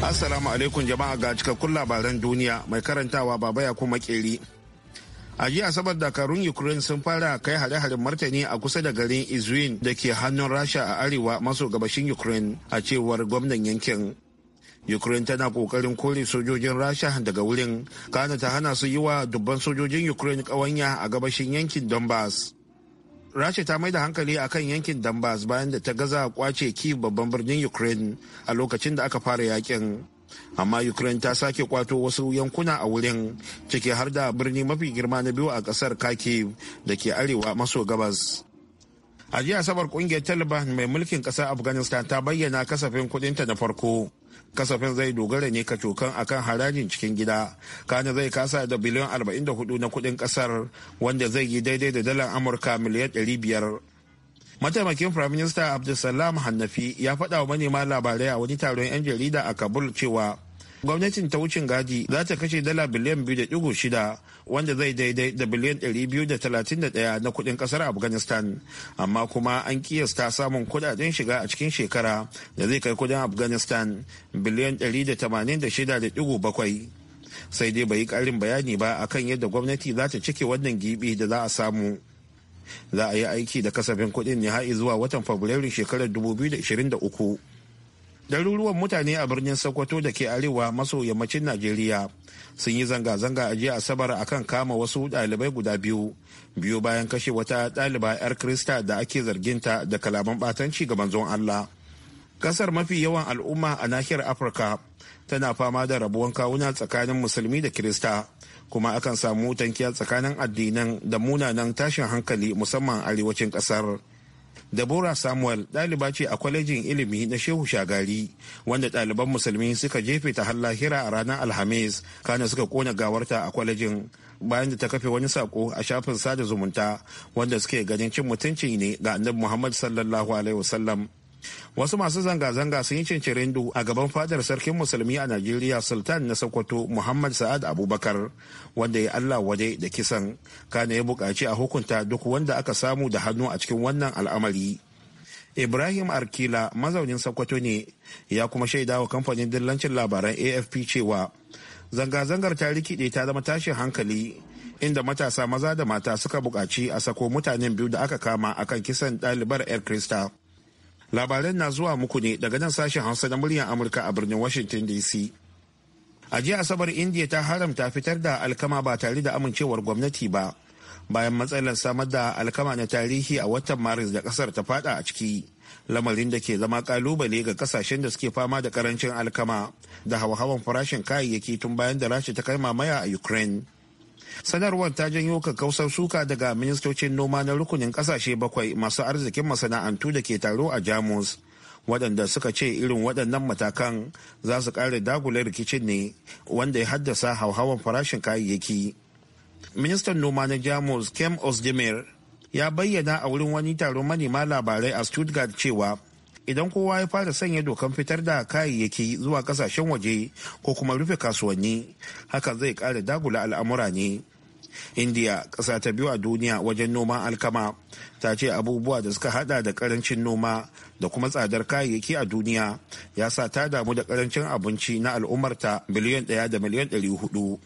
Assalamu alaikum jama'a ga cikakkun labaran duniya mai karantawa baba ya kuma keri. A jiya asabar dakarun Ukraine sun fara kai hare-haren martani a kusa da garin Izwin da ke hannun Rasha a arewa maso gabashin Ukraine a cewar gwamnan yankin. Ukraine tana kokarin kore sojojin Rasha daga wurin, kana ta hana su yi wa dubban sojojin Ukraine ƙawanya a gabashin yankin Donbass. rasha ta mai da hankali a kan yankin donbass bayan da ta gaza kwace kyiv babban birnin ukraine a lokacin da aka fara yakin amma ukraine ta sake kwato wasu yankuna a wurin ciki har da birni mafi girma na biyu a kasar kharkiv da ke arewa maso gabas a jiya sabar kungiyar taliban mai mulkin kasar afghanistan ta bayyana kasafin kudinta na farko kasafin zai dogara ne ka kacokan akan harajin cikin gida kana zai kasa da biliyan 44 na kudin kasar wanda zai yi daidai da dalar amurka miliyan 500 mataimakin firaminista abdulsalam hannafi ya faɗa wa manema labarai a wani taron 'yan jarida a kabul cewa gwamnatin ta wucin gadi za ta kashe dala biliyan biyu da digo shida wanda zai daidai da biliyan ɗari biyu da talatin da ɗaya na kuɗin ƙasar afghanistan amma kuma an kiyasta samun kuɗaɗen shiga a cikin shekara da zai kai kuɗin afghanistan biliyan ɗari da tamanin da shida da digo bakwai sai dai bai yi ƙarin bayani ba akan yadda gwamnati za ta cike wannan gibi da za a samu za a yi aiki da kasafin kuɗin ne har zuwa watan fabrairu shekarar 2023 Daruruwan mutane a birnin Sokoto da ke arewa maso yammacin Najeriya sun yi zanga-zanga a jiya Asabar a kan kama wasu ɗalibai guda biyu biyu bayan kashe wata ɗaliba 'yar Krista da ake zarginta da kalaman ɓatanci ga manzon Allah. Kasar mafi yawan al'umma a nahiyar Afirka tana fama da rabuwan kawuna tsakanin musulmi da Kirista kuma akan samu tankiya tsakanin addinan da munanan tashin hankali musamman arewacin kasar. Deborah Samuel ɗaliba ce a kwalejin ilimi na Shehu Shagari wanda ɗaliban musulmi suka jefe ta har a ranar Alhamis kana suka kona gawarta a kwalejin bayan da ta kafe wani sako a shafin sada zumunta wanda suke ganin cin mutunci ne ga annabi Muhammad sallallahu alaihi wasallam. wasu masu zanga-zanga sun yi cincirindu a gaban fadar sarkin musulmi a najeriya sultan na sokoto muhammad sa'ad abubakar wanda ya allah waje da kisan kana ya buƙaci a hukunta duk wanda aka samu da hannu a cikin wannan al'amari ibrahim arkila mazaunin sokoto ne ya kuma shaida wa kamfanin dillancin labaran afp cewa zanga-zangar ta rikide ta zama tashin hankali inda matasa maza da mata suka buƙaci a sako mutanen biyu da aka kama akan kisan ɗalibar 'yar krista labaran na zuwa muku ne daga nan sashen hausa na muryar amurka a birnin washington dc a jiya asabar india ta haramta fitar da alkama ba tare da amincewar gwamnati ba bayan matsalar samar da alkama na tarihi a watan maris da kasar ta fada a ciki lamarin da ke zama kalubale ga kasashen da suke fama da karancin alkama da hawa-hawan farashin kayayyaki tun bayan da rasha ta kai mamaya a ukraine sanarwar ta janyo kakkausar suka daga ministocin noma na rukunin kasashe bakwai masu arzikin masana'antu da ke taro a jamus waɗanda suka ce irin waɗannan matakan za su ƙara dagula rikicin ne wanda ya haddasa hauhawar farashin kayayyaki ministan noma na jamus kem osdemir ya bayyana a wurin wani taron manema labarai a stuttgart cewa idan kowa ya fara sanya dokan fitar da kayayyaki zuwa kasashen waje ko kuma rufe kasuwanni hakan zai ƙara dagula al'amura ne india ƙasa ta biyu a duniya wajen noman alkama ta ce abubuwa da suka hada da karancin noma da kuma tsadar kayayyaki a duniya ya sa ta damu da karancin abinci na al'ummarta biliyan ɗaya da miliyan ɗari hudu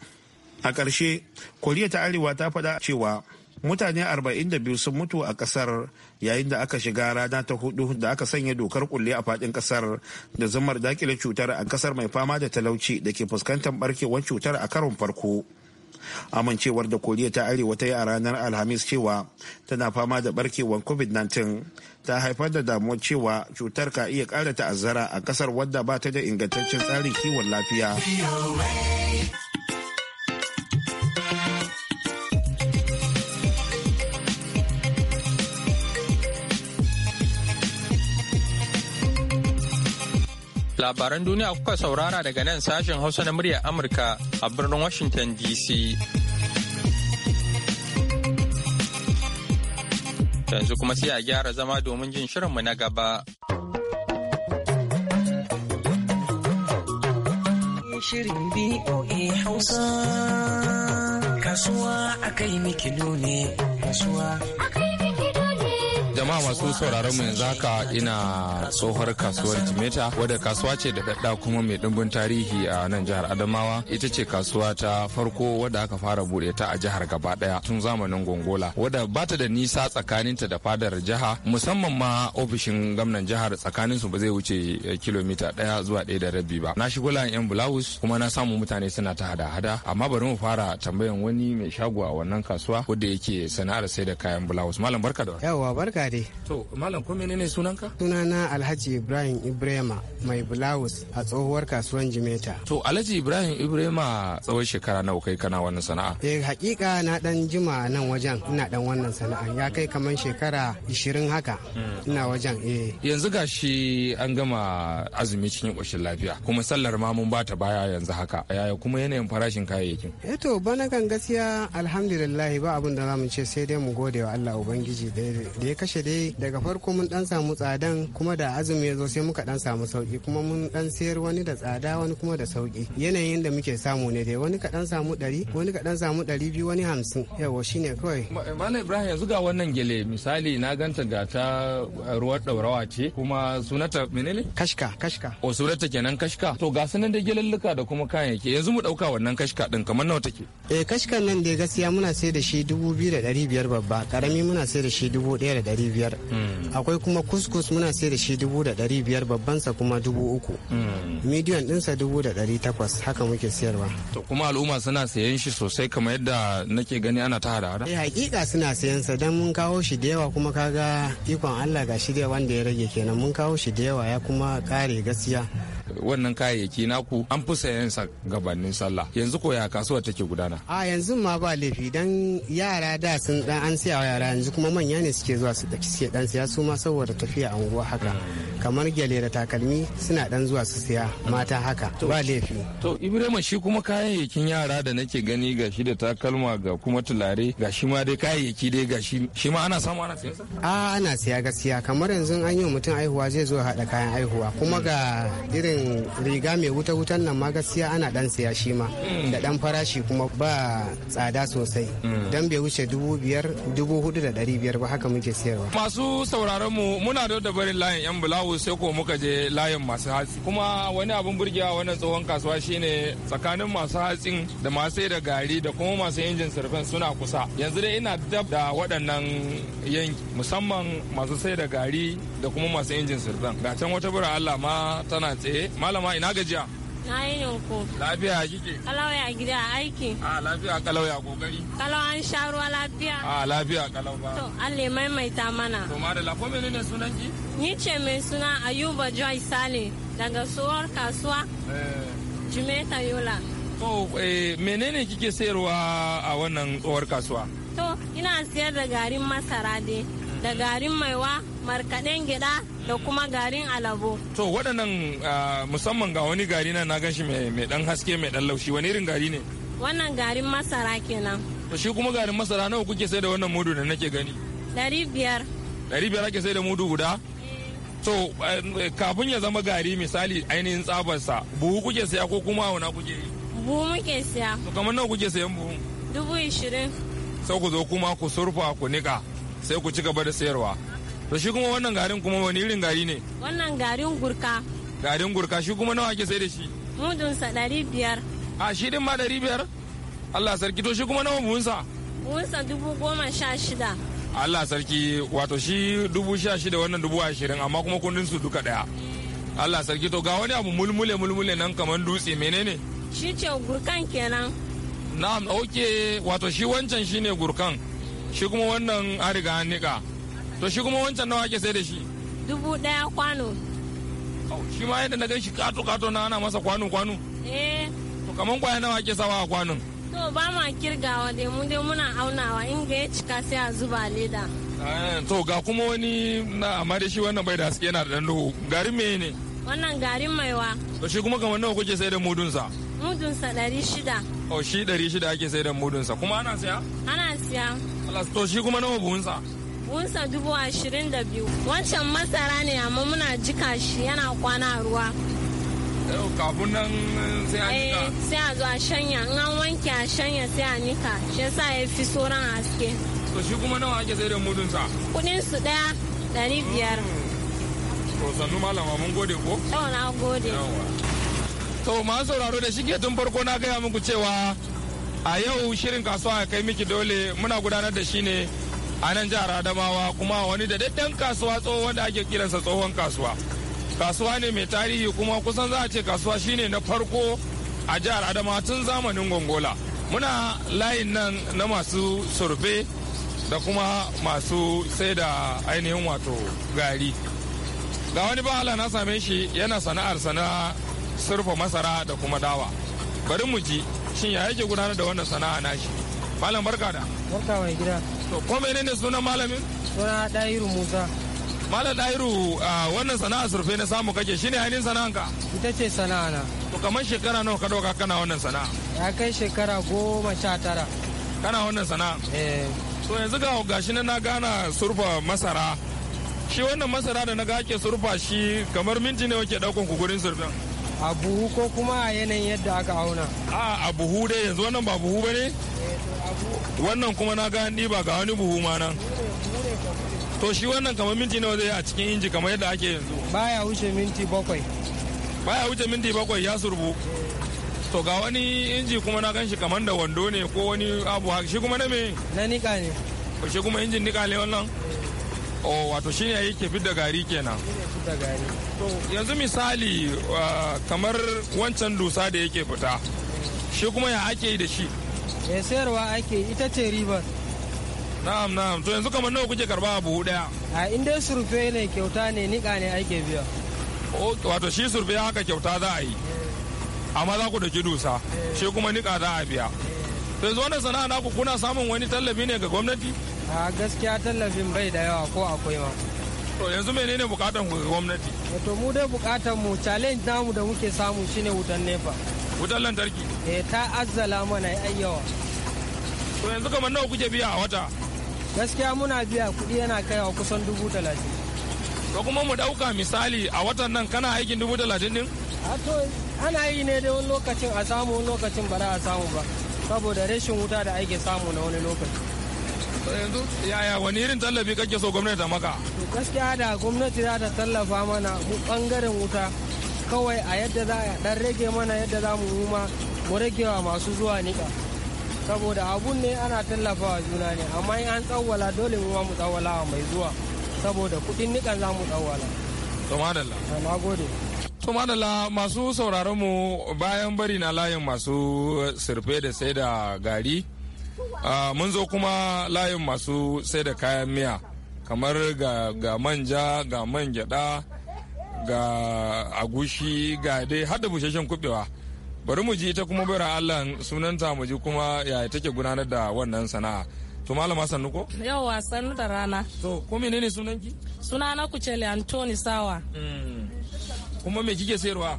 a ƙarshe koriya ta arewa ta faɗa cewa mutane 42 sun mutu a kasar yayin da aka shiga rana ta hudu da aka sanya dokar kulle a fadin kasar da zamar dakile cutar a kasar mai fama da talauci da ke fuskantar barkewar cutar a karon farko amincewar da koriya ta arewa ta yi a ranar alhamis cewa tana fama da barkewar covid-19 ta haifar da damuwar cewa cutar ka iya ƙara ta'azzara a kasar wadda ba ta da ingantaccen tsarin kiwon lafiya. Labaran duniya kuka saurara daga nan sashen Hausa na muryar Amurka a birnin Washington DC. Yanzu kuma sai a gyara zama domin jin shirinmu na gaba. Shirin Hausa kasuwa ne kasuwa jama'a masu sauraron mu yanzu haka ina tsohuwar kasuwar jimeta wadda kasuwa ce da dadda kuma mai dimbin tarihi a nan jihar adamawa ita ce kasuwa ta farko wadda aka fara bude ta a jihar gaba daya tun zamanin gongola wadda bata da nisa tsakanin ta da fadar jiha musamman ma ofishin gwamnan jihar tsakanin su ba zai wuce eh, kilomita daya zuwa daya da rabi ba na shigo lan yan bulawus kuma na samu mutane suna ta hada hada amma bari mu fara tambayan wani mai shago a wannan kasuwa wadda yake sana'ar sai da kayan bulawus malam barka da yawa barka dai. To, Malam ko menene sunanka? Sunana Alhaji Ibrahim ibrahima mai Bulawus a tsohuwar kasuwan Jimeta. To, Alhaji Ibrahim Ibrema tsawon shekara nawa kai kana wannan sana'a? Eh, hakika na dan jima nan wajen ina dan wannan sana'a. Ya kai kamar shekara 20 haka hmm. ina wajen eh. Yanzu gashi an gama azumi cikin koshin lafiya kuma sallar ma mun bata baya yanzu haka. Yaya kuma yanayin farashin kayayyakin? Eh to, bana kan gaskiya alhamdulillah ba abin da zamu ce sai dai mu gode wa Allah Ubangiji da ya kashe tashi dai daga farko mun dan samu tsadan kuma da azumi ya zo sai muka dan samu sauki kuma mun dan sayar wani da tsada wani kuma da sauki yanayin da muke samu ne dai wani dan samu ɗari wani dan samu ɗari biyu wani hamsin yawa shine kawai. malam ibrahim yanzu ga wannan gele misali na ganta ga ta ruwar ɗaurawa ce kuma sunata menene. kashka kashka. o sunata kenan kashka to ga sunan da gelallika da kuma kayayyaki yanzu mu ɗauka wannan kashka ɗin kamar nawa take. eh kashkan nan dai gaskiya muna sai da shi dubu biyu da ɗari biyar babba ƙarami muna sai da shi dubu ɗaya da ɗari biyar mm. akwai kuma kuskus muna sai da shi dubu da ɗari biyar babbansa kuma dubu uku midiyan mm. ɗinsa dubu da ɗari takwas haka muke siyarwa to kuma al'umma suna sayan shi sosai kamar yadda nake gani ana ta hada hada eh, hakika suna sayan sa dan mun kawo shi da yawa kuma kaga ikon Allah ga shirya wanda ya rage kenan mun kawo shi da yawa ya kuma kare gaskiya wannan kayayyaki naku an fi sayan sa gabanin sallah yanzu ko ya kasuwar take gudana a yanzu ma ba laifi dan yara da sun dan an siya wa yara yanzu kuma manya ne suke zuwa su daki suke dan siya su ma saboda tafiya unguwa haka kamar gyale da takalmi suna dan zuwa su siya mata haka ba laifi to ibrahim shi kuma kayayyakin yara da nake gani ga shi da takalma ga kuma tulare shi ma dai kayayyaki dai ga shi ma ana samu ana siya a ana siya gaskiya kamar yanzu an yi mutum aihuwa zai zo haɗa kayan aihuwa kuma ga irin irin riga mai wuta-wutan nan ma gaskiya ana dan siya shi ma mm. da dan farashi kuma ba tsada sosai mm. dan bai wuce dubu biyar dubu hudu da dari biyar ba haka muke siyarwa. Masu sauraron mu muna da barin layin yan bulawu sai ko muka je layin masu hatsi kuma wani abun burgewa wannan tsohon kasuwa shine tsakanin masu hatsin da masu da gari da kuma masu injin surfen suna kusa yanzu dai ina dab da waɗannan yanki musamman masu sai da gari da kuma masu injin sirdan ga can wata bura Allah ma tana tsaye malama ina gajiya na yi ne ko lafiya kike kalauya gida aiki a lafiya kalauya kokari kalau an sha ruwa lafiya a lafiya kalau ba to Allah maimaita mana to madalla ko menene sunan ki ni ce mai suna Ayuba Joy Sale daga suwar kasuwa eh. Jimeta Yola to eh, menene kike sayarwa a wannan tsohuwar kasuwa to ina siyar da garin masara dai da garin maiwa markaɗen gida da kuma garin alabo. To waɗannan ah, musamman ga wani gari na na gashi mai ɗan haske mai ɗan laushi wani irin gari ne? Wannan garin masara kenan. To shi kuma garin masara nawa kuke sai da wannan mudu da nake gani? Ɗari biyar. Ɗari biyar ake sai da mudu guda? Eh. To eh, kafin ya zama gari misali ainihin tsabarsa buhu kuke saya ko kuma wana kuke yi? Buhu muke saya. To kamar nawa kuke sayan buhu? Dubu ishirin. Sai ku zo kuma ku surfa ku niƙa sai ku ci gaba da sayarwa. to shi kuma wannan garin kuma wani irin gari ne wannan garin gurka garin gurka shi kuma nawa ake sai da shi mudunsa ɗari biyar a shi din ma ɗari biyar allah sarki to shi kuma nawa buhunsa buhunsa dubu goma sha shida allah sarki wato shi dubu sha shida wannan dubu ashirin amma kuma kundin su duka ɗaya eh. allah sarki to ga wani abu mulmule mulmule nan kamar dutse menene shi ce gurkan kenan na'am ok wato shi wancan shine gurkan shi kuma wannan an riga an niƙa to shi kuma wancan nawa ake sai da shi dubu daya kwano shi ma yadda na gan shi kato kato na ana masa kwano kwano eh kamar kwaya nawa ake sawa a kwanon to ba ma kirgawa dai mu dai muna aunawa in ga ya cika sai a zuba leda eh, to ga kuma wani na amma da shi wannan bai da haske yana da dan garin me ne wannan garin maiwa to shi kuma kamar nawa kuke sai da mudunsa mudunsa dari shida oh shi dari shida ake sai da mudunsa kuma ana siya ana siya to shi kuma nawa buhunsa wunsa dubu ashirin da biyu wancan masara ne amma muna jika shi yana kwana ruwa kafin nan eh, sai a nika eh, sai a zo a shanya in an wanke a shanya sai a nika shi yasa ya fi sauran haske to shi kuma nawa ake sai da mudunsa kudin su daya dari biyar hmm. to sannu malama mun gode ko yau na gode to ma sauraro da shige tun farko na gaya muku cewa a yau shirin kasuwa kai miki dole muna gudanar da shi ne a nan jihar adamawa kuma wani da daddan kasuwa tsohon wanda ake kiransa tsohon kasuwa kasuwa ne mai tarihi kuma kusan za a ce kasuwa shine na farko a jihar adamawa tun zamanin gongola muna layin nan na masu surfe da kuma masu sai da ainihin wato gari ga wani bahala na same shi yana sana'ar sana surfa masara da kuma dawa bari mu ji shin ya yake gudanar da wannan sana'a na shi. Malam barka da. Barka mai gida. To ko menene sunan malamin? Suna Dairu Musa. Malam Dairu wannan sana'a surfe na samu kake shine ainihin ka Ita ce sana'a na. To kamar shekara nawa ka dauka kana wannan sana'a? Ya kai shekara goma sha tara. Kana wannan sana'a? Eh. To yanzu ga gashi na na gana surfa masara. Shi wannan masara da na ga ake surfa shi kamar minti ne wake daukan ku gurin surfen? A buhu ko kuma a yanayin yadda aka auna? A a buhu dai yanzu wannan ba buhu ba ne? Eh, wannan kuma na ga ni ba ga wani buhu ma nan to shi wannan kamar minti nawa zai a cikin inji kamar yadda ake yanzu baya wuce minti bakwai baya wuce minti bakwai ya surbu to ga wani inji kuma na gan shi kamar da wando ne ko wani abu shi kuma na me na nika ne shi kuma injin nika ne wannan eh. oh wato shi ne yake fidda gari kenan to yanzu misali ah, kamar wancan dusa da yake fita shi kuma ya ake yi da shi eh sayarwa ake ita ce ribar na'am na'am to yanzu kamar nawa kuke karba abu daya a inda surfe ne kyauta ne nika ne ake biya wato shi surfe haka kyauta za a yi eh. amma za ku daki dusa eh. shi kuma nika za a biya eh. to yanzu wannan sana'a naku kuna samun wani tallafi ne ga gwamnati a gaskiya tallafin bai da yawa ko akwai ma to yanzu menene bukatan ku ga gwamnati to mu dai bukatan mu challenge namu da muke samu shine wutan nefa wutar lantarki E ta azzala mana ayyawa to yanzu kamar nawa kuke biya a wata gaskiya muna biya kuɗi yana kaiwa kusan dubu talatin to kuma mu ɗauka misali a watan nan kana aikin dubu talatin din a to ana yi ne da wani lokacin a samu wani lokacin ba za a samu ba saboda rashin wuta da ake samu na wani lokaci yanzu yaya wani irin tallafi kake so gwamnati ta maka gaskiya da gwamnati za ta tallafa mana bangaren wuta kawai a yadda za a dan rage mana yadda za mu huma mu wa masu zuwa niƙa saboda abun ne ana tallafawa juna ne amma in an tsawwala dole mu ma mu tsawwala mai zuwa saboda kuɗin niƙan za mu tsawwala. to madalla na gode to madalla masu sauraron mu bayan bari na layin masu surfe da sai da gari mun zo kuma layin masu sai da kayan miya kamar ga manja ga man gyada ga agushi ga dai har da busheshen kubewa bari mu ji ita kuma bira allah sunanta mu ji kuma ya take gudanar da wannan sana'a to malama sannu ko yawa sannu da rana to ko menene sunanki sunana kucele antoni sawa hmm. kuma me kike sayarwa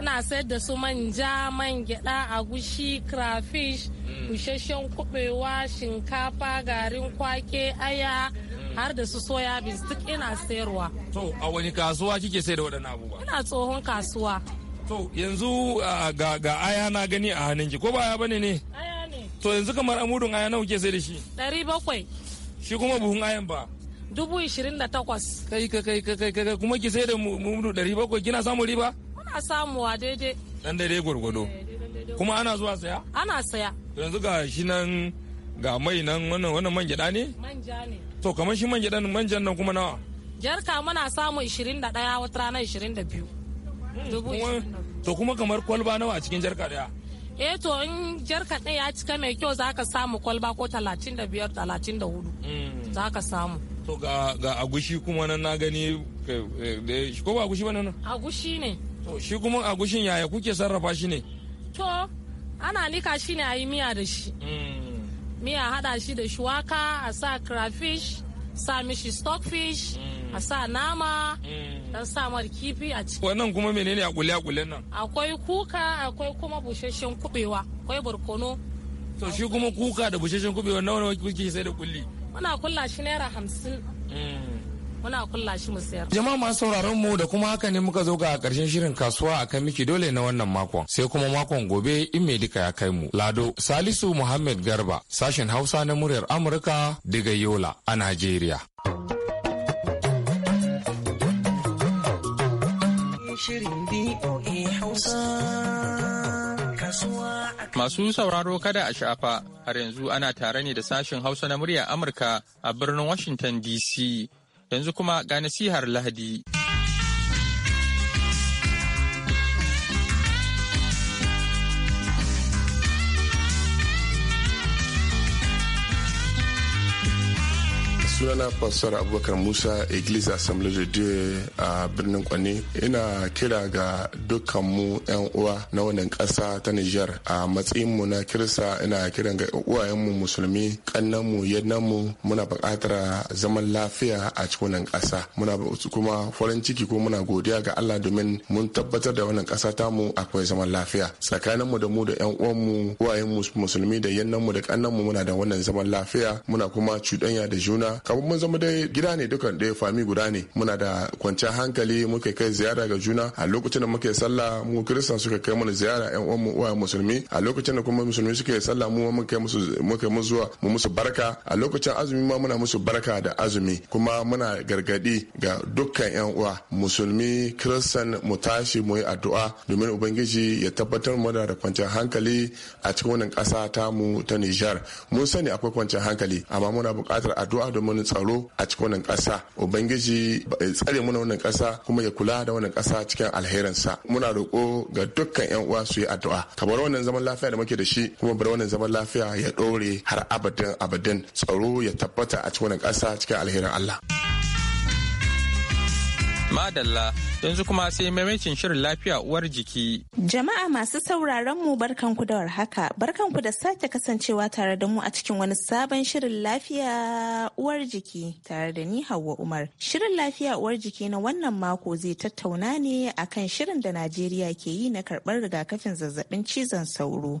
ina sayar da su manja man gyada agushi crayfish hmm. busheshen kubewa shinkafa garin kwake aya hmm. har da su soya beans duk ina sayarwa. To a wani kasuwa kike sayar da waɗannan abubuwa? Ina tsohon kasuwa. To yanzu ga ga aya na gani a hannun ki, ko ba aya bane ne? Aya ne. To yanzu kamar amudun aya nawa kike sayar da shi? Ɗari bakwai. Shi kuma buhun ayan ba? Dubu ishirin da takwas. Kai kai kai ka kai kuma ki sayar da mudu ɗari bakwai kina samu riba? Muna samuwa daidai. Dan daidai gwargwado. Eh, kuma ana zuwa saya? Ana saya. Yanzu ga shi nan ga mai nan wannan wannan man gyaɗa ne? Manja ne. to kamar shi man gidan manjan nan kuma nawa jarka muna samu 21 wata rana 22 hmm, to kuma kamar kwalba nawa a cikin jarka daya eh to in jarka ɗaya ya cika mai kyau za ka samu kwalba ko 35 34 hmm. za ka samu to ga agushi kuma nan na gani eh, ko ba agushi ba nan agushi ne to shi kuma agushin yaya kuke sarrafa shi ne to ana nika shi ne a yi miya da shi hmm. miya hada shi da shuwaka a sa crayfish sa mishi stockfish a mm. sa nama dan mm. sa mar kifi a ciki wannan kuma menene a kule a kule nan akwai kuka akwai kuma busasshen kubewa akwai barkono to shi kuma kuka da busasshen kubewa nawa nawa kuke sai da kulli muna kulla shi naira hamsin mm. muna kulla shi mu sayar jama'a masu sauraron mu da kuma haka ne muka zo ga karshen shirin kasuwa a kan miki dole na wannan makon sai kuma makon gobe in mai duka ya kai mu lado salisu muhammad garba sashen hausa na muryar amurka daga yola a najeriya Masu sauraro kada a shafa, har yanzu ana tare ne da sashen Hausa na murya Amurka a birnin Washington DC. yanzu kuma ga nasihar Lahadi. sunana pastor abubakar musa iglesia assembly de dieu a birnin kwane ina kira ga dukkan mu yan uwa na wannan ƙasa ta niger a matsayin mu na kirsa ina kiran ga uwayen mu musulmi kannan mu yannan mu muna buƙatar zaman lafiya a cikin wannan ƙasa muna kuma farin ciki ko muna godiya ga Allah domin mun tabbatar da wannan kasa ta mu akwai zaman lafiya tsakanin mu da mu da yan uwan mu uwayen mu musulmi da yannan mu da kannan mu muna da wannan zaman lafiya muna kuma cuɗanya da juna kamar mun zama dai gida ne dukan ɗaya fami guda ne muna da kwanciyar hankali muka kai ziyara ga juna a lokacin da muke sallah mu kiristan suka kai mana ziyara yan uwan mu uwa musulmi a lokacin da kuma musulmi suke sallah mu mun kai musu muka musu zuwa mu musu barka a lokacin azumi ma muna musu barka da azumi kuma muna gargadi ga dukkan yan uwa musulmi kiristan mu tashi mu yi addu'a domin ubangiji ya tabbatar mana da kwanciyar hankali a cikin wannan ƙasa ta mu ta Nijar mun sani akwai kwanciyar hankali amma muna buƙatar addu'a domin tsaro a cikin wannan ƙasa ubangiji ya tsare muna wannan ƙasa kuma ya kula da wannan ƙasa cikin alherinsa muna roƙo ga dukkan yan uwa su yi addu'a ka bar wannan zaman lafiya da muke da shi kuma bar wannan zaman lafiya ya ɗore har abadin abadin tsaro ya tabbata a cikin wannan ƙasa cikin alherin Allah. Madalla yanzu kuma sai maimacin shirin lafiya uwar jiki. Jama'a masu sauraron mu barkanku da warhaka, barkanku da sake kasancewa tare da mu a cikin wani sabon shirin lafiya uwar jiki tare da ni Hauwa Umar. Shirin lafiya uwar jiki na wannan mako zai tattauna ne akan shirin da Najeriya ke yi na karɓar rigakafin zazzabin cizon sauro.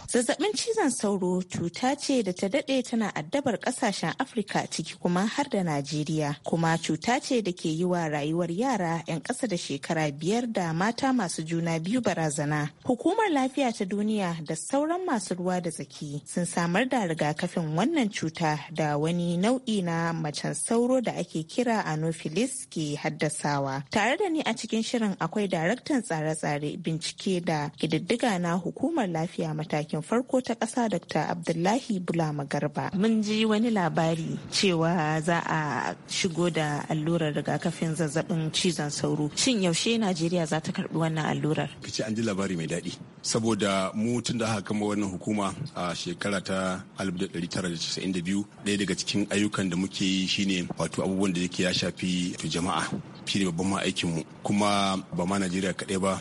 Zazzabin cizon sauro cuta ce da ta dade tana addabar ƙasashen Afirka ciki kuma har da Najeriya. Kuma cuta ce da ke yi wa rayuwar yara 'yan ƙasa da shekara biyar da mata masu juna biyu barazana. Hukumar lafiya ta duniya da sauran masu ruwa da tsaki sun samar da rigakafin wannan cuta da wani nau'i na macen sauro da ake kira anopheles ke haddasawa. Tare da ni a cikin shirin akwai daraktan tsare-tsare bincike da ƙididdiga na hukumar lafiya matakin gwamnatin farko ta ƙasa Dr. Abdullahi Bulama Garba. Mun ji wani labari cewa za a shigo da allurar rigakafin zazzabin cizon sauro. Shin yaushe Najeriya za ta karɓi wannan allurar? Kici an ji labari mai daɗi. Saboda mu tun da haka kama wannan hukuma a shekara ta 1992 ɗaya daga cikin ayyukan da muke yi shine wato abubuwan da yake ya shafi jama'a. Shi babban ma aikinmu kuma ba ma Najeriya kaɗai ba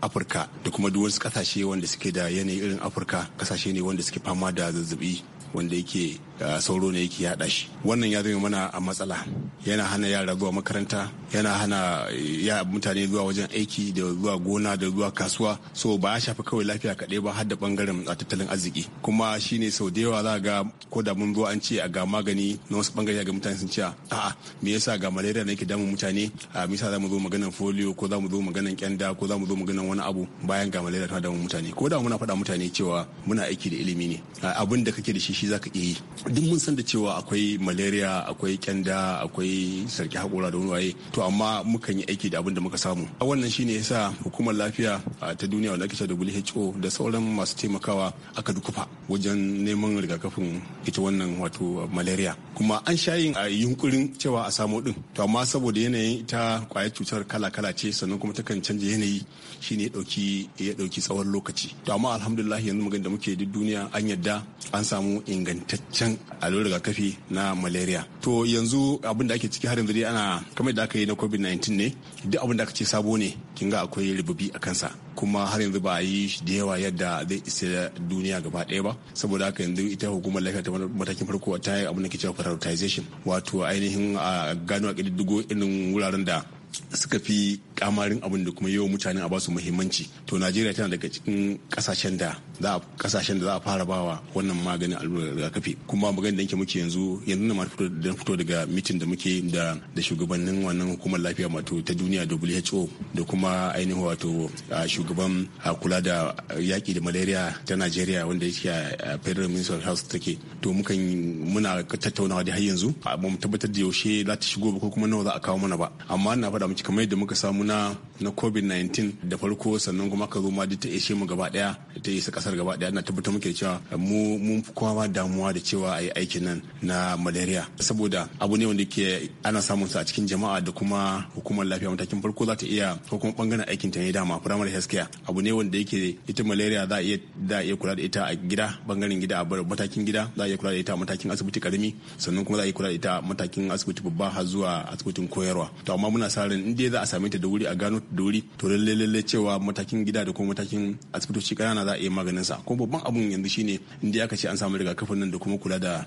afirka da kuma duk wasu kasashe wanda suke da yanayi irin afirka kasashe ne wanda suke fama da zazzabi wanda yake ah, sauro ne yake yada shi wannan ya zama mana a matsala yana hana yara zuwa makaranta yana hana eh, ya mutane zuwa wajen aiki da zuwa gona da zuwa kasuwa so ba ya shafi kawai lafiya kaɗai ba har da bangaren ah, tattalin arziki kuma shine sau da yawa za ga ko da mun zuwa an ce a ga magani na wasu bangare ga mutane sun ce a'a me yasa ga malaria na yake damun mutane ah, a misa za mu zo maganan folio ko za mu zo maganan kyanda ko za mu zo maganan wani abu bayan ga malaria ta damun mutane ko da muna faɗa mutane cewa muna aiki da ilimi ne ah, abin da kake da shi shi zaka iya yi duk mun san da cewa akwai malaria akwai kyanda akwai akwai sarki haƙura da wani waye to amma mukan yi aiki da abin da muka samu a wannan shine yasa hukumar lafiya ta duniya wanda ake cewa WHO da sauran masu taimakawa aka dukufa wajen neman rigakafin ita wannan wato malaria kuma an sha yin yunkurin cewa a samo din to amma saboda yanayin ita kwayar cutar kala-kala ce sannan kuma takan canja yanayi shine ya dauki ya dauki tsawon lokaci to amma alhamdulillah yanzu magana da muke duk duniya an yadda an samu ingantaccen allurar rigakafi na malaria to yanzu abin da ake ciki har yanzu ana kamar da aka yi na covid-19 ne duk abin da aka ce sabo ne kin ga akwai rububi a kansa kuma har yanzu ba a yi da yawa yadda zai isa duniya gaba ɗaya ba saboda haka yanzu ita hukumar lafiya ta matakin farko ta yi abin da ke cewa prioritization wato ainihin a gano a ƙididdigo irin wuraren da suka fi kamarin abin da kuma yawan mutane a basu muhimmanci to najeriya tana daga cikin kasashen da za a kasashen da za a fara bawa wannan maganin allurar rigakafi kuma maganin da yake muke yanzu yanzu na fito da fito daga mitin da muke da da shugabannin wannan hukumar lafiya wato ta duniya WHO da kuma ainihin wato shugaban kula da yaki da malaria ta najeriya wanda yake a federal ministry of health take to mukan muna tattaunawa da har yanzu ba mu tabbatar da yaushe za ta shigo ba ko kuma nawa za a kawo mana ba amma na faɗa fada miki kamar yadda muka samu na na covid-19 da farko sannan kuma ka zo ma duk ta ishe mu gaba daya ta isa kasar gaba daya na tabbatar muke cewa mu mun kowa damuwa da cewa a yi aikin nan na malaria saboda abu ne wanda ke ana samun sa a cikin jama'a da kuma hukumar lafiya matakin farko za ta iya ko kuma bangaren aikin ta ne dama primary health care abu ne wanda yake ita malaria za a iya za a iya kula da ita a gida bangaren gida a matakin gida za a iya kula da ita a matakin asibiti karami sannan kuma za a iya kula da ita a matakin asibiti babba har zuwa asibitin koyarwa to amma muna sa maganin in dai za a same ta da wuri a gano da wuri to lalle lalle cewa matakin gida da kuma matakin asibitoci kanana za a iya maganin sa kuma babban abun yanzu shine in dai aka ce an samu rigakafin nan da kuma kula da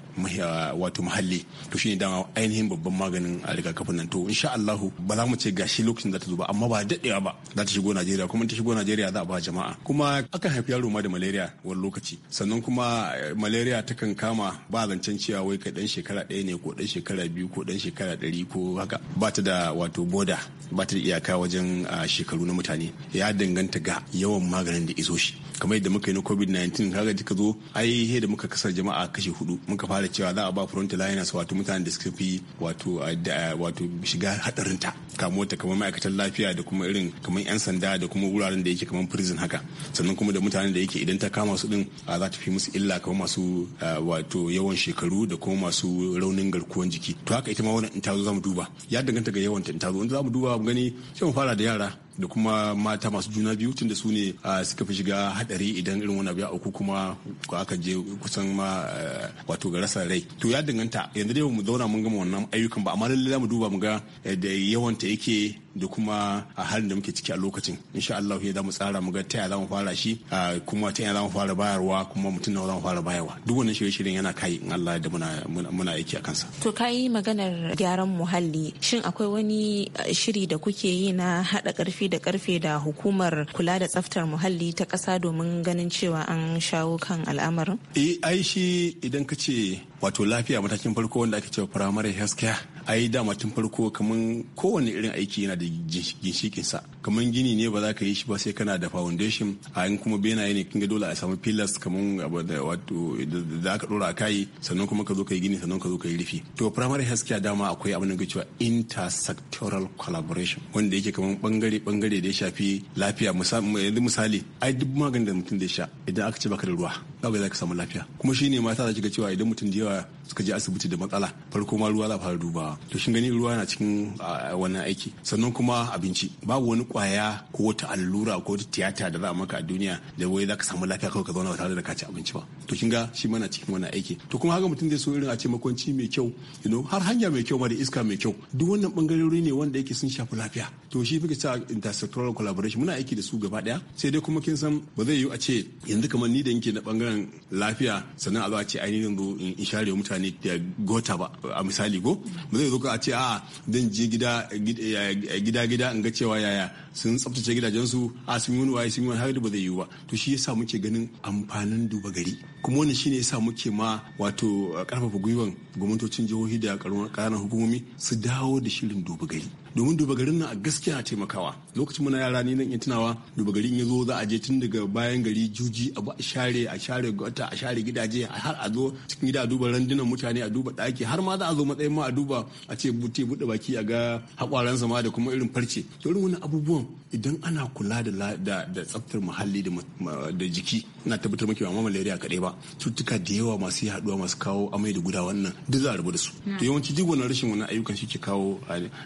wato muhalli to shine dama ainihin babban maganin a rigakafin nan to insha Allah ba za mu ce gashi lokacin da ta zo ba amma ba dadewa ba za ta shigo Najeriya kuma ta shigo Najeriya za a ba jama'a kuma aka haifi yaro ma da malaria wani lokaci sannan kuma eh, malaria takan kama ba zancen cewa wai kai dan shekara ɗaya ne ko dan shekara biyu ko dan shekara ɗari ko haka ba ta da wato oda ba ta da iyaka wajen ah, shekaru na mutane ya danganta ga yawan maganin da iso shi kamar yadda muka yi na covid-19 kaga ka zo ai he da muka kasar jama'a kashi hudu muka fara cewa za a ba front liners wato mutanen da suka fi wato wato shiga hadarin ta kamo ta kamar ma'aikatan lafiya da kuma irin kamar yan sanda da kuma wuraren da yake kamar prison haka sannan kuma da mutanen da yake idan ta kama su din za ta fi musu illa kamar masu wato yawan shekaru da kuma masu raunin garkuwan jiki to haka ita ma wannan in ta zo za mu duba ya danganta ga yawan ta in ta zo in za mu duba mu gani sai mu fara da yara da kuma mata masu juna biyu tunda su ne suka fi shiga hadari idan irin wani abu ya auku kuma aka je kusan ma eh, wato ga rasa rai to ya danganta yanzu dai mu zauna mun gama wannan ayyukan ba amma lallai za mu duba mu ga eh, da yawan yake da kuma a halin da muke ciki a lokacin insha Allah ya mu tsara mu ga ta yaya mu fara shi kuma ta yaya zamu fara bayarwa kuma mutum nawa zamu fara bayarwa duk wannan shirye-shiryen yana kai in Allah da muna muna aiki a kansa to kai maganar gyaran muhalli shin akwai wani shiri da kuke yi na hada karfi da karfe da hukumar kula da tsaftar muhalli ta kasa domin ganin cewa an shawo kan al'amarin eh ai shi idan ka ce wato lafiya matakin farko wanda ake cewa primary health care ai dama tun farko kamar kowane irin aiki yana da ginshikinsa kamar gini ne ba za ka yi shi ba sai kana da foundation a yin kuma benaye ne kinga dole a samu pillars kamar abu da wato da aka dora kai sannan kuma ka zo ka yi gini sannan ka zo ka yi rufi to primary healthcare dama akwai abin da ke cewa intersectoral collaboration wanda yake kamar bangare bangare da ya shafi lafiya yanzu misali ai duk maganin da mutum da sha idan aka ce baka da ruwa ba za ka samu lafiya kuma shi shine mata za ga cewa idan mutum da yawa suka je asibiti da matsala farko ma ruwa za fara dubawa to shin gani ruwa na cikin ah, wannan aiki sannan kuma abinci babu wani kwaya ko wata allura ko wata tiyata da za a maka a duniya da wai za ka samu lafiya kawai ka zauna ba tare da ka ci abinci ba to kin ga shi mana cikin wannan aiki to kuma haka mutum zai so irin a ce makwanci mai kyau you know har hanya mai kyau ma da iska mai kyau duk wannan bangarori ne wanda yake sun shafi lafiya to shi fi sa intersectoral collaboration muna aiki da su gaba daya sai dai kuma kin san ba zai yiwu a ce yanzu kamar ni da yake na bangaren lafiya sannan a zo a ce ainihin zo in share mutane da gota ba a misali go ba zai zo ka a ce a zan je gida gida gida in ga cewa yaya sun tsaftace gidajensu a sun yi wani sun yi har da ba zai yiwu ba to shi yasa muke ganin amfanin duba gari kuma wannan shine yasa muke ma wato karfafa gwiwan gwamnatocin jihohi da ƙananan hukumomi su dawo da shirin duba gari domin duba garin nan a gaskiya taimakawa lokacin muna yara ne nan tunawa duba garin ya zo za a je tun daga bayan gari juji abu a share a share gota a share gidaje har a zo cikin gida a duba randunan mutane a duba daki har ma za a zo matsayin ma a duba a ce bute bude baki a ga hakwaransa ma da kuma irin farce to irin wannan abubuwan idan ana kula da tsaftar muhalli da jiki na tabbatar maki ba ma malaria kaɗai ba cutuka da yawa masu yaduwa masu kawo amai da guda wannan duk za a rabu da su to yawanci duk wannan rashin wannan ayyukan shi ke kawo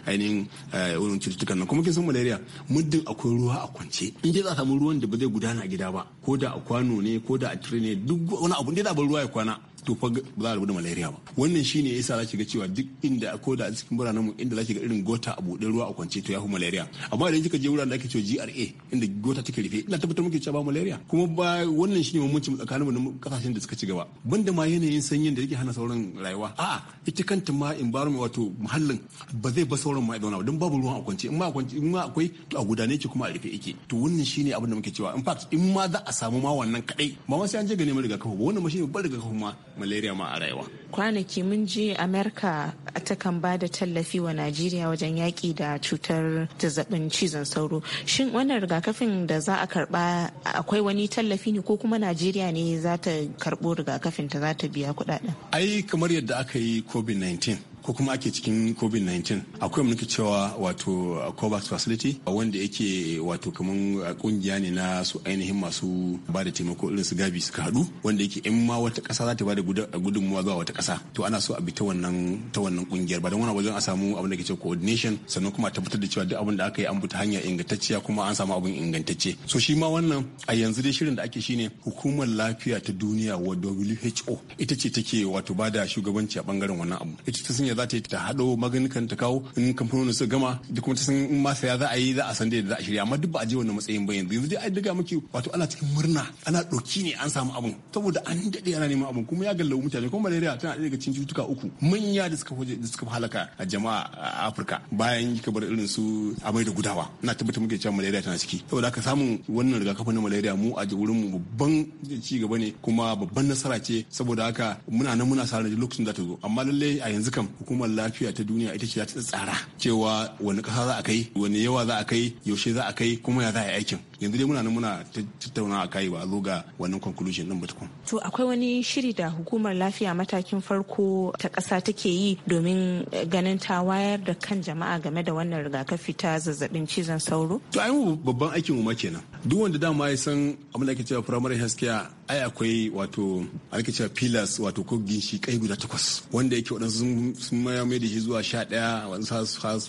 ainihin wannan cututtukan nan kuma kin san malaria muddin akwai ruwa a kwance in dai za a samu ruwan da ba zai gudana a gida ba ko da a kwano ne ko da a tire ne duk wani abu da bar ruwa ya kwana to fa ba za a rabu da malaria ba wannan shine yasa zaki ga cewa duk inda ko da a cikin biranen mu inda zaki ga irin gota a buɗe ruwa a kwance to ya fi malaria amma idan kika je wuraren da ake cewa GRA inda gota take rufe ina tabbatar muke cewa ba malaria kuma ba wannan shine mummunci tsakanin mu kasashen da suka ci gaba banda ma yanayin sanyin da yake hana sauran rayuwa a ita kanta ma environment wato muhallin ba zai ba sauran ma zauna don babu ruwan a kwance in ma kwance in ma akwai to a gudane ki kuma a rufe yake to wannan shine abin da muke cewa in fact in ma za a samu ma wannan kadai ba ma sai an je ga neman rigakafi ba wannan ma shine babban rigakafi ma malaria ma a rayuwa. Kwanaki mun je Amerika takan ba da tallafi wa Najeriya wajen yaƙi da cutar zazzabin cizon sauro. Shin wannan rigakafin da za a karba akwai wani tallafi ne ko kuma Najeriya ne za ta karɓo rigakafin ta za ta biya kuɗaɗen? Ai kamar yadda aka yi COVID-19 ko kuma ake cikin covid-19 akwai muke cewa wato uh, covax facility uh, wanda yake uh, wato kamar kungiya ne na su ainihin masu ba da taimako irin su gabi suka haɗu wanda yake in ma wata ƙasa za ta ba da gudunmuwa zuwa wata kasa to ana so a bi ta wannan ta wannan kungiyar ba don wani wajen a samu abin da ke cewa coordination sannan kuma a tabbatar da cewa duk abin da aka yi an bi ta hanya ingantacciya kuma an samu abin ingantacce so shi ma wannan a yanzu dai shirin da ake ne hukumar lafiya ta duniya wa WHO ita ce take wato ba da shugabanci a bangaren wannan abu ita ta sanya ya za ta yi ta haɗo maganin ta kawo in kamfanonin su gama duk kuma ta san in ma saya za a yi za a san da za a shirya amma duk ba a je wannan matsayin ba yanzu yanzu dai an daga miki wato ana cikin murna ana ɗauki ne an samu abun saboda an daɗe ana neman abun kuma ya gallabu mutane kuma malaria tana ɗaya daga cikin cutuka uku manya da suka da suka halaka a jama'a a Afirka bayan yi kabar irin su amai da gudawa na tabbatar muke cewa malaria tana ciki saboda haka samun wannan rigakafin na malaria mu a wurin mu babban ci gaba ne kuma babban nasara ce saboda haka muna nan muna sa lokacin da ta zo amma lallai a yanzu kam hukumar lafiya ta duniya ita ce za ta tsara cewa wani ƙasa za a kai wani yawa za a kai yaushe za a kai kuma ya za a yi aikin yanzu dai muna nan muna tattauna a kai ba a zo ga wannan conclusion din batukun to akwai wani shiri da hukumar lafiya matakin farko ta kasa take yi domin eh, ganin ta wayar da kan jama'a game da wannan rigakafi ta zazzabin cizon sauro to ai babban aikin mu ma kenan duk wanda dama ya san abin da ake cewa primary health care ai akwai wato ake cewa pillars wato ko ginshi kai guda takwas wanda yake waɗansu sun maya mai da shi zuwa sha ɗaya wani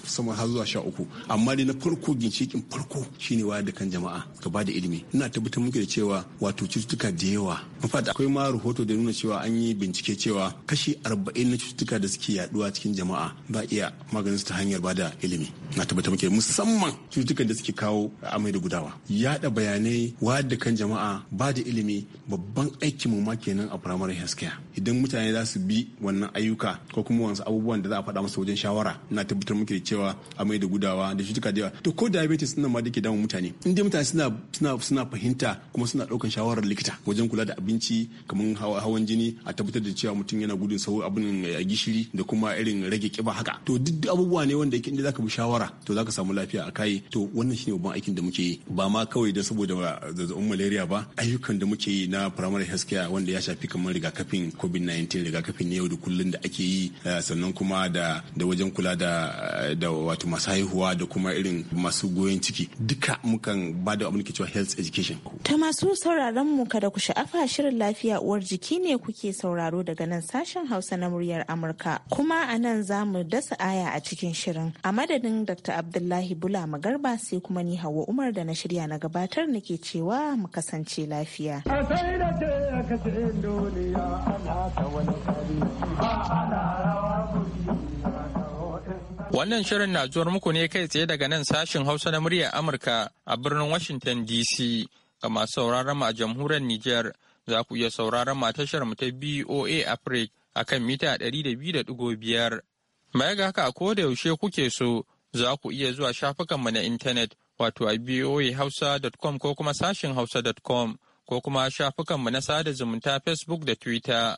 sama har zuwa sha uku amma dai na farko ginshikin farko shine wayar da kan jama'a ka ba da ilimi ina tabbatar muke da cewa wato cututtuka da yawa mafata akwai ma rahoto da nuna cewa an yi bincike cewa kashi arba'in na cututtuka da suke yaduwa cikin jama'a ba iya maganin su ta hanyar ba da ilimi na tabbatar muke musamman cututtukan da suke kawo amai da gudawa yada bayanai wayar da kan jama'a ba da ilimi babban aikin mu ma kenan a primary health idan mutane za su bi wannan ayyuka ko kuma wasu abubuwan da za a faɗa masa wajen shawara na tabbatar muke da cewa amai da gudawa da cututtuka da yawa to ko diabetes nan ma da ke damun mutane in dai mutane suna fahimta kuma suna ɗaukan shawarar likita wajen kula da abinci kamar hawan jini a tabbatar da cewa mutum yana gudun sau abin eh, gishiri da kuma irin rage kiba haka to duk abubuwa ne wanda yake inda zaka bi shawara to zaka samu lafiya a kai to wannan shine babban aikin da muke yi ba ma kawai da saboda eh, zazzabin malaria ba ayyukan da muke yi na primary health care wanda ya shafi kamar rigakafin covid-19 rigakafin ne yau da kullun da ake yi eh, sannan kuma da da wajen kula da da wato masu haihuwa da kuma irin masu goyon ciki duka mukan ba da abin cewa health education. Ta masu sauraron mu kada ku sha'afa shirin lafiya uwar jiki ne kuke sauraro daga nan sashen Hausa na muryar Amurka. Kuma a nan za mu dasa aya a cikin shirin. A madadin Dr. Abdullahi Bula Magarba sai kuma ni Hauwa Umar da na shirya na gabatar nake cewa mu kasance lafiya. A ana rawa. Wannan shirin na zuwar muku ne kai tsaye daga nan sashin Hausa na muryar Amurka a birnin Washington DC ga masu sauraron mu a jamhuriyar niger za ku iya sauraron mu tashar mu ta BOA Africa akan mita 200.5. Baya ga haka ko da yaushe kuke so za ku iya zuwa shafukan mu na intanet wato a boahausa.com ko kuma sashin hausa.com ko kuma shafukan mu na sada zumunta Facebook da Twitter.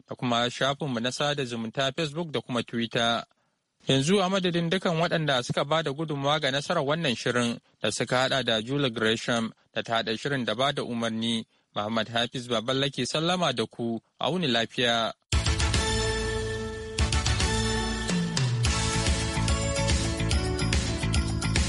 da kuma shafinmu na sada zumunta Facebook da kuma Twitter. Yanzu a madadin dukan waɗanda suka ba da gudunmawa ga nasarar wannan shirin da suka haɗa da jula Gresham da ta haɗa shirin da ba da umarni, Muhammad Hafiz lake sallama da ku, a wuni lafiya.